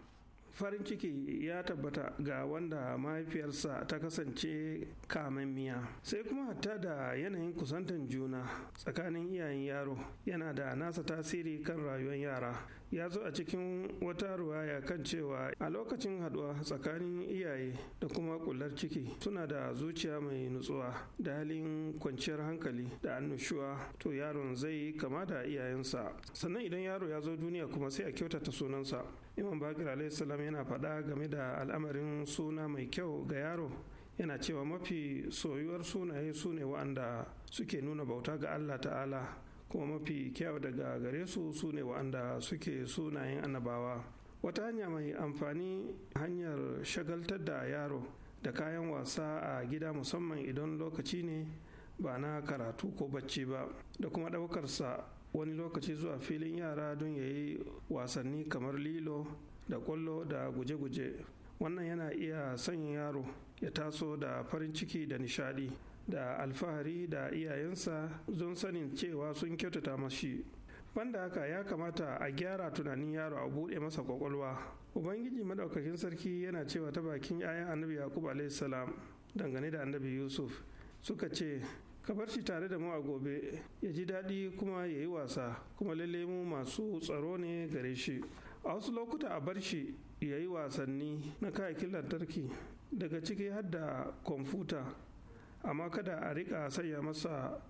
farin ciki ya tabbata ga wanda mahaifiyarsa ta kasance kamen miya. sai kuma hatta da yanayin kusantan juna tsakanin iyayen yaro yana da nasa tasiri kan rayuwar yara ya zo a cikin wata ruwaya kan cewa a lokacin haduwa tsakanin iyaye da kuma kular ciki suna da zuciya mai nutsuwa da halin kwanciyar hankali da annushuwa to yaron zai kama da iyayensa sannan idan yaro ya zo duniya kuma sai a kyautata sunansa imam bakir alaihissalam yana faɗa game da al'amarin suna mai kyau ga yaro yana cewa mafi soyuwar sunaye su ne wa'anda suke nuna bauta ga allah ta'ala kuma mafi kyau daga gare su su ne wa'anda suke sunayen annabawa wata hanya mai amfani hanyar shagaltar da yaro da kayan wasa a gida musamman idan lokaci ne ba na karatu ko bacci ba da kuma ɗaukarsa wani lokaci zuwa filin yara don ya yi wasanni kamar lilo da kwallo da guje-guje wannan yana iya sanya yaro ya taso da farin ciki da nishadi da alfahari da iyayensa don sanin cewa sun kyautata mashi banda haka ya kamata a gyara tunanin yaro a buɗe masa kwakwalwa ubangiji madaukakin sarki yana cewa ta bakin 'ya'yan annabi yakub salam dangane da annabi yusuf suka ce ka bar shi tare da mu a gobe ya ji daɗi kuma ya yi wasa kuma lalle mu masu tsaro ne gare shi a wasu lokuta a bar shi ya yi wasanni na kayakin lantarki daga ciki har da kwamfuta amma kada a rika sanya masa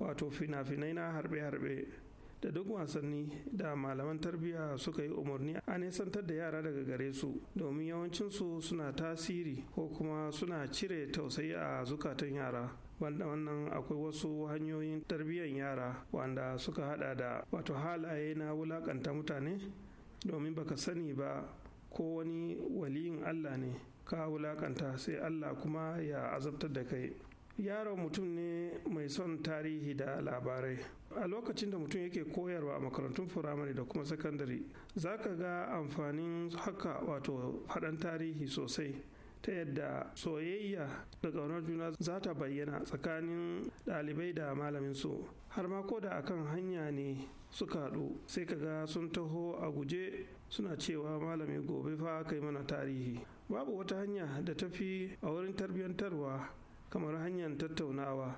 wato fina-finai na harbe-harbe da duk wasanni da malaman tarbiyya suka yi umarni a nesantar da yara daga gare su domin yawancinsu suna tasiri ko kuma suna cire tausayi a zukatan yara banda wannan akwai wasu hanyoyin tarbiyyar yara wanda suka hada da wato halaye na wulakanta mutane domin baka sani ba ko wani waliyin allah ne ka wulakanta sai allah kuma ya azabtar da kai yaro mutum ne mai son tarihi da labarai a lokacin da mutum yake koyarwa a makarantun firamare da kuma sakandare za ka ga amfanin haka wato faɗan tarihi sosai ta yadda soyayya da ƙaunar juna za ta bayyana tsakanin ɗalibai da malamin su har ma ko da akan hanya ne suka haɗu sai ka ga sun taho a guje suna cewa malami gobe fa kai mana tarihi babu wata hanya da ta fi a wurin tarbiyyantarwa kamar hanyar tattaunawa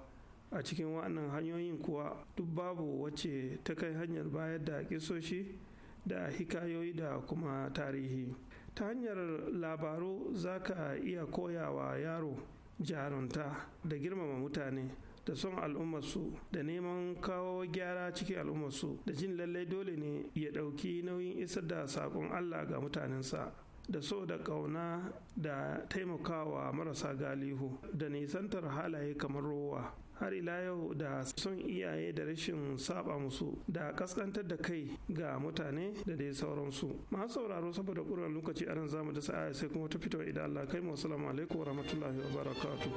a cikin wannan hanyoyin kuwa duk babu wacce ta kai hanyar bayar da kisoshi da hikayoyi da kuma tarihi ta hanyar labaru za ka iya koyawa yaro jarunta da girmama mutane da son al'ummarsu da neman kawo gyara cikin al'ummarsu da jin lallai dole ne ya ɗauki nauyin isar da saƙon allah ga mutanensa da so da ƙauna da taimakawa marasa galihu da nisantar halaye kamar rowa har ila yau da son iyaye da rashin saba musu da kaskantar da kai ga mutane da dai sauransu masu sauraro saboda ƙuran lokaci a nan zamu dasa sa'a sai kuma ta fito idan Allah kai mu assalamu alaikum wa rahmatullahi wa barakatuh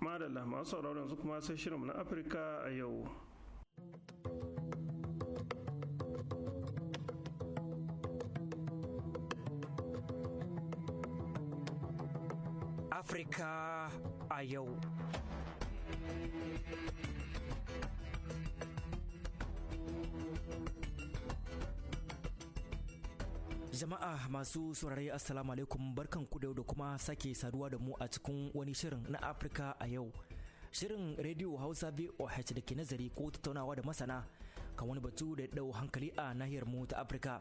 madalla masu sauraron su kuma sai shirin na afirka a yau Afirka a yau. Jama'a masu saurare Assalamu alaikum barkan ku da kuma sake saduwa da mu a cikin wani shirin na Afirka a yau. Shirin Radio Hausa VOH da ke nazari ko tattaunawa da masana kan wani batu da dau hankali a nahiyar mu ta Afirka.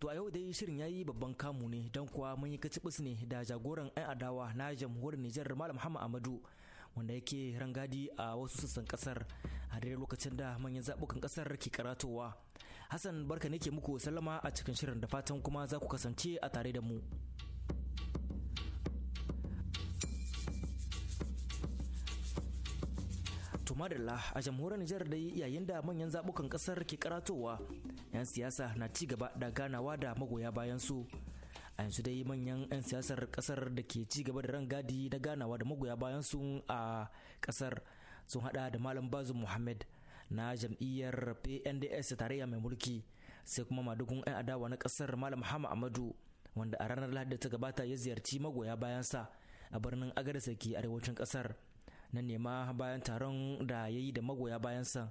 To a yau dai shirin yayi babban kamu ne don kuwa mun yi kacibis ne da jagoran 'yan adawa na jamhuriyar Nijar Malam muhammad Amadu wanda yake rangadi a wasu sassan kasar a daidai lokacin da manyan zaɓukan kasar ke karatowa. Hassan barka ne ke muku sallama a cikin shirin da fatan kuma za ku kasance a tare da mu. To a jamhuriyar Nijar da yayin da manyan zabukan kasar ke karatowa 'yan siyasa na ci gaba da ganawa da magoya bayan su. a yanzu dai manyan 'yan siyasar kasar da ke ci gaba da rangadi da ganawa da magoya bayan su a kasar sun hada da malam bazu muhammad na jam'iyyar pnds tarayya mai mulki sai kuma madugun 'yan adawa na kasar malam hama amadu wanda a ranar lahadi ta gabata ya ziyarci magoya bayansa a birnin agadis ke arewacin kasar na nema bayan taron da ya yi da magoya bayan bayansa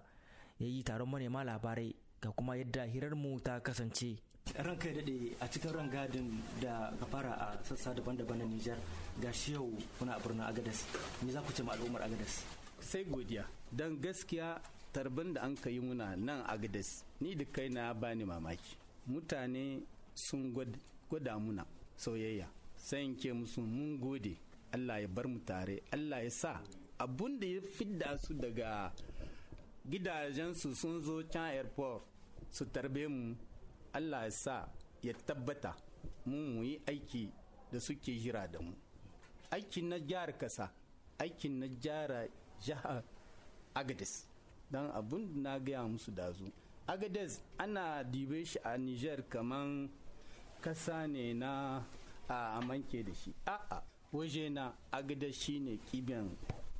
ya yi taron manema labarai ga kuma yadda hirar mu ta kasance ranka ya daɗe a cikin ran gadin da ka fara a sassa daban-daban na nijar ga shi yau kuna a birnin agadas me za ku ce al'ummar agadas sai godiya don gaskiya tarbin da an ka yi muna nan agadas ni da kai na bani mamaki mutane sun gwada muna soyayya sai in ke musu mun gode Allah ya bar mu tare Allah ya sa abun da ya fidda su daga gidajensu sun zo can airport su tarbe mu allah ya sa ya tabbata mu yi aiki da suke jira da mu aikin na jihar kasa aikin na jihar jihar agadez don abun na gaya musu dazu agadez ana dibe shi a niger kaman kasa ne na a amanke da shi a'a waje na agadez shine kibiyan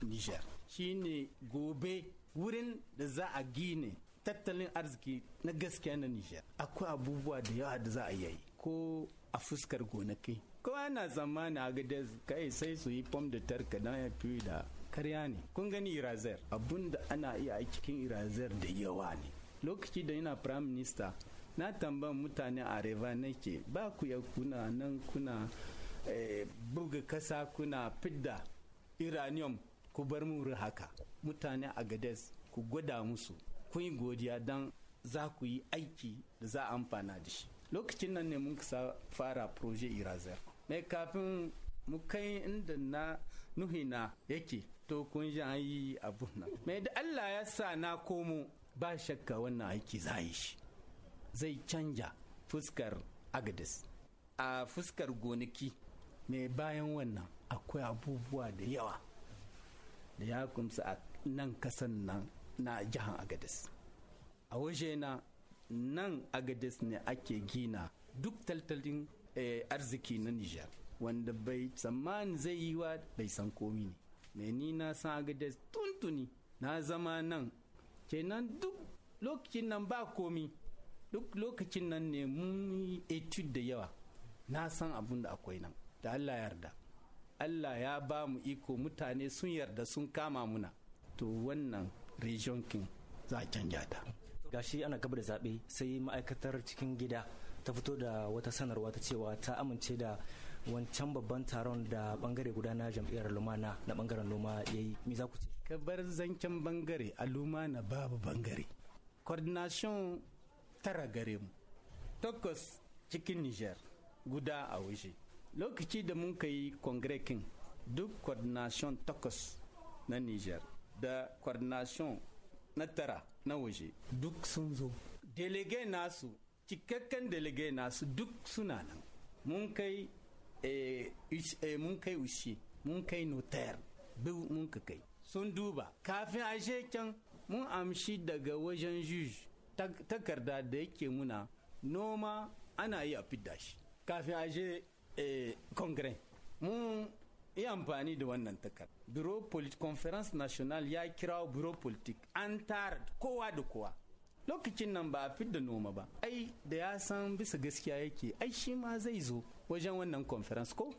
Niger ne gobe wurin da za a gine tattalin arziki na gaskiya na Niger akwai abubuwa da yawa da za a yi ko a fuskar gonakai kowa na zamani a gada kai sai su yi fom da tarka don ya fi da karya ne kun gani irazer abun da ana iya a cikin irazer da yawa ne lokaci da yana prime minister na tamban mutane a reva nake ba ku ya kuna nan kuna eh, buga kasa kuna fidda iranium ku bar mu haka mutane a gades ku gwada musu kun yi godiya don za ku yi aiki da za a amfana da shi lokacin nan ne mun kusa fara proje irazer mai kafin mu kai inda na nuhina yake to kun ji an yi abu nan mai da allah ya sa na komo ba shakka wannan aiki za yi shi zai canja fuskar agadis a fuskar gonaki mai bayan wannan akwai abubuwa da yawa da ya kumsa a nan kasan nan na jihar agadis a waje na nan agadis ne ake gina duk taltalin eh, arziki na nijar wanda bai tsammani zai yi wa bai san komi ne mai ni na san agadis tuntuni na zama nan kenan duk lokacin nan ba komi duk lokacin nan ne mun yi da yawa na san abun da akwai nan da allah yarda Allah ya ba mu iko mutane sun yarda sun kama muna to wannan region king za a canja ta gashi ana gaba da zaɓe sai ma'aikatar cikin gida ta fito da wata sanarwa ta cewa ta amince da wancan babban taron da bangare guda na jam'iyyar lumana na bangaren noma ya yi me za ku ce ka bar zancen bangare a lumana babu bangare coordination tara gare mu takwas cikin niger guda a waje lokaci da mun kai kongrekin duk coordination takwas na niger da coordination na tara na waje duk sun zo delege nasu cikakken delege nasu duk suna nan mun kai eh, eh, mun kai ushi mun kai notar duk mun ka kai sun duba kafin ashe can mun amshi daga wajen juj takarda da yake muna noma ana yi a fidda shi kafin ashe kongre eh, mun yi amfani da wannan takar bureau politique conference national ya kira bureau politique. an tara kowa da kowa lokacin nan ba a fidda noma ba ai da ya san bisa gaskiya yake ai shi ma zai zo wajen wannan conference ko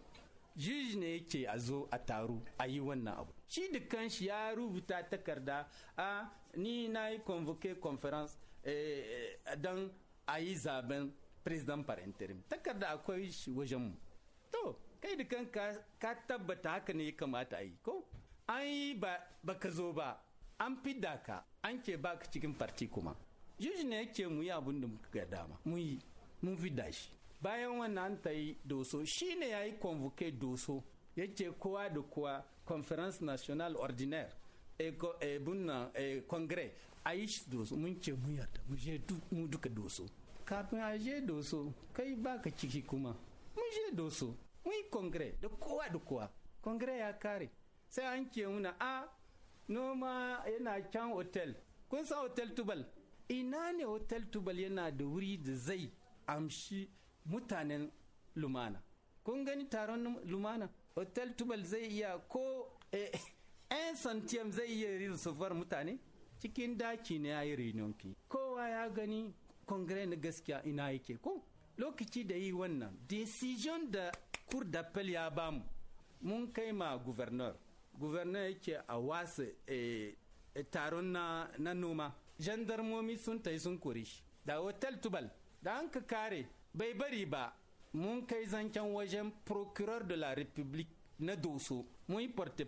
jiji ne yake a zo a taru a yi wannan abu shi dukkan shi ya rubuta takarda a ni na yi convoke conference eh, eh, don a yi zaben president par interim takarda akwai shi wajen mu to kai da kanka ka tabbata haka ne ya kamata a yi ko an yi ba ka zo ba an fidda ka an ke baka cikin farti kuma juji ne yake mu yi abin da muka ga dama mun yi mun fidda shi bayan wannan ta yi doso shi ne ya yi convoke doso yake kowa da kowa conference national ordinaire e congrès a yi shi doso mun ce mun yarda mu je mu duka doso kafin a je doso kai baka ciki kuma mun je doso mun yi kongre da kowa da kowa kongre ya kare sai an ke muna a noma yana can hotel kun san hotel tubal ina ne hotel tubal yana da wuri da zai amshi mutanen lumana kun gani taron lumana hotel tubal zai iya ko yan eh, santiyam zai iya rizu mutane cikin daki ne ya yi kowa ya gani kongre na gaskiya ina yake ko lokaci da yi wannan decision da kur da ya bamu mun kai ma gouverneur governor yake a wasa e, taron na, noma jandarmomi sun tai sun kori da hotel tubal da an ka kare bai bari ba mun kai zancen wajen procureur de la republique na doso mun yi porte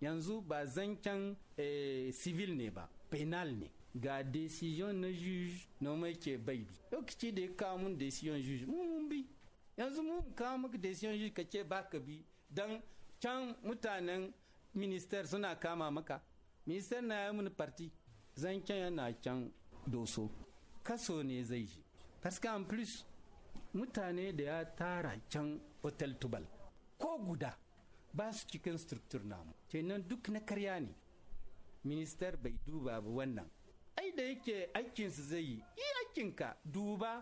yanzu ba zancen e, eh, civil ne ba penal ne ga decision na juge na muke bai bi lokaci da ya kawo mun decision juge mun mun bi yanzu mun kawo maka decision juge ka ce ba ka bi dan can mutanen minister suna kama maka minister na mun parti zan can yana can doso kaso ne zai ji parce en plus mutane da ya tara can hotel tubal ko guda ba su cikin structure namu kenan duk na karya ne minister bai duba ba wannan ai da yake aikinsu zai yi yi aikinka duba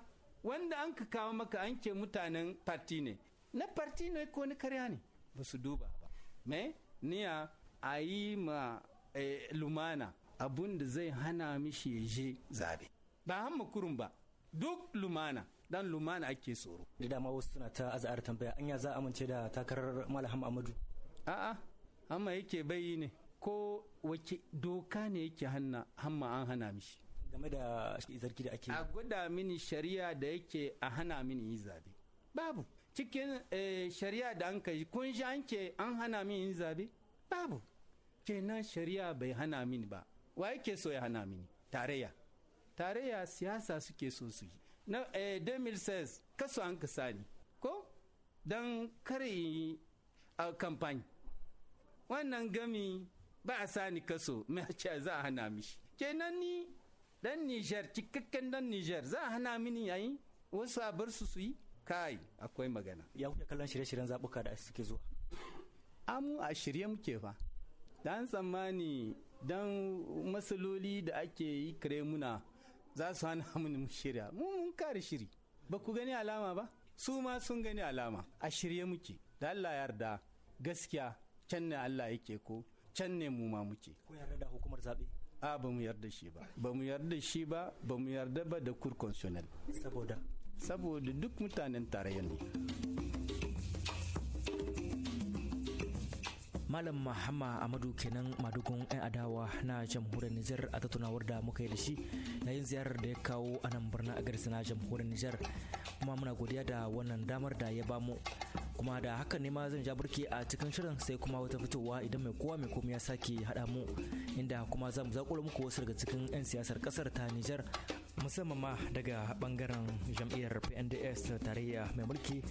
wanda an ka kawo maka an ke mutanen parti ne na parti ne ko ni karya ne ba su duba ba me niya a yi ma eh, lumana abun da zai hana mishi ya je zabe ba han ba duk lumana dan lumana ake tsoro da dama wasu suna ta azar tambaya anya za amince da takarar malam amadu a'a amma yake bayi ne ko wace doka ne yake hanna hamma an hana mishi game da zargi da ake a gwada mini shari'a da yake a hana mini yin zabe babu cikin eh, shari'a da an kai kun ji an an hana mini yin zabe babu kenan shari'a bai hana mini ba wa yake so ya hana mini tarayya tarayya siyasa suke so su yi na eh, says kaso an kasa ni ko don kare a kamfani wannan gami ba a sani kaso mai ce za a hana mishi kenan ni dan nijar cikakken dan niger za a hana mini yayi wasu a bar su su yi kai akwai magana ya kuke kallon shirye-shiryen zabuka da suke zuwa amu a shirye muke fa dan tsammani dan masaloli da ake yi kare muna za su hana mu shirya mu mun kare shiri ba ku gani alama ba su ma sun gani alama a shirye muke da Allah yarda gaskiya can ne Allah yake ko can ne mu ma muke ko yarda da hukumar zabe a ba mu yarda shi ba ba mu yarda shi ba ba mu yarda ba da cour constitutionnel saboda saboda duk mutanen tarayyar. ne Malam Mahama Amadu kenan madugun 'yan adawa na jamhuriyar Nijar a tattunawar da muka yi da shi yayin ziyarar da ya kawo a nan birnin a na jamhuriyar Nijar kuma muna godiya da wannan damar da ya bamu kuma da haka ne ma zan ja burki a cikin shirin sai kuma wata fitowa idan mai kowa mai komai ya sake haɗa mu inda kuma za mu zakulo muku wasu daga cikin 'yan siyasar ƙasar ta Nijar musamman ma daga ɓangaren jam'iyyar PNDS tarayya mai mulki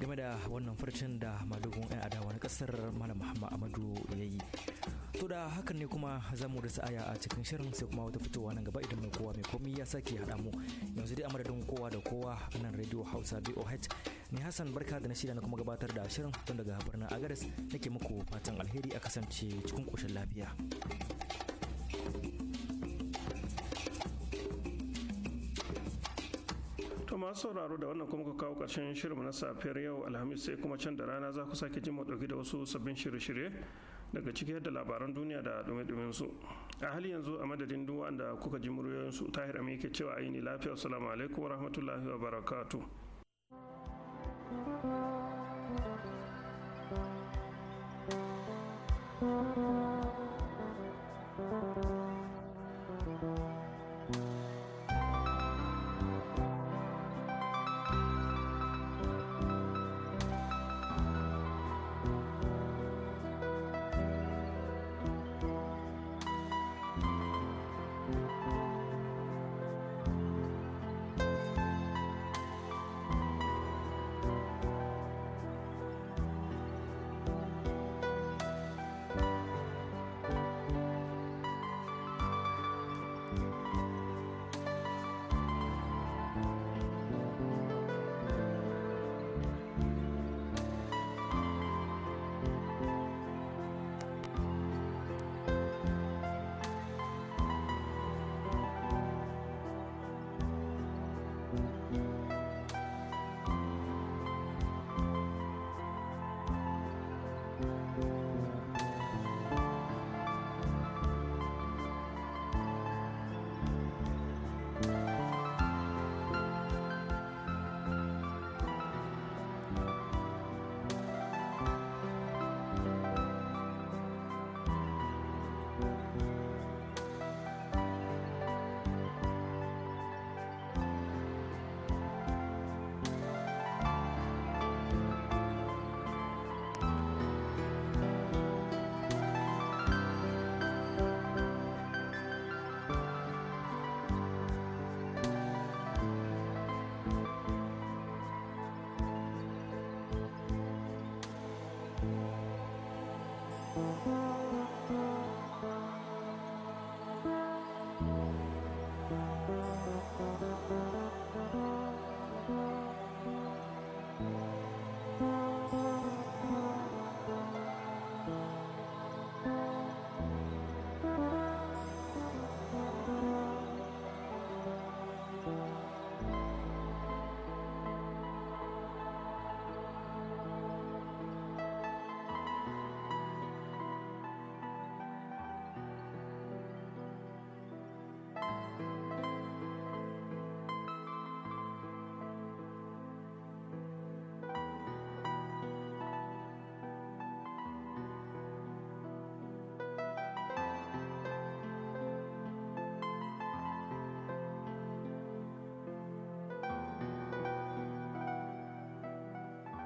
game da wannan furcin da madugun 'yan adawa na ƙasar Malam Muhammad Amadu ya yi. To da hakan ne kuma za mu rasa aya a cikin shirin sai kuma wata fitowa nan gaba idan mai kowa mai komi ya sake haɗa mu yanzu dai a madadin kowa da kowa a nan radio Hausa BOH ni Hassan barka da na shirya na kuma gabatar da shirin tun daga birnin Agares nake muku fatan alheri a kasance cikin koshin lafiya. masu sauraro da wannan kuma ka kawo ƙarshen shirin na safiyar yau alhamis sai kuma can da rana za ku sake jin mu da wasu sabbin shirye-shirye daga cikin da labaran duniya da dumi su a hali yanzu a madadin duk wanda kuka ji muryoyin su tahir amin ke cewa aini lafiya assalamu alaikum warahmatullahi wa thank you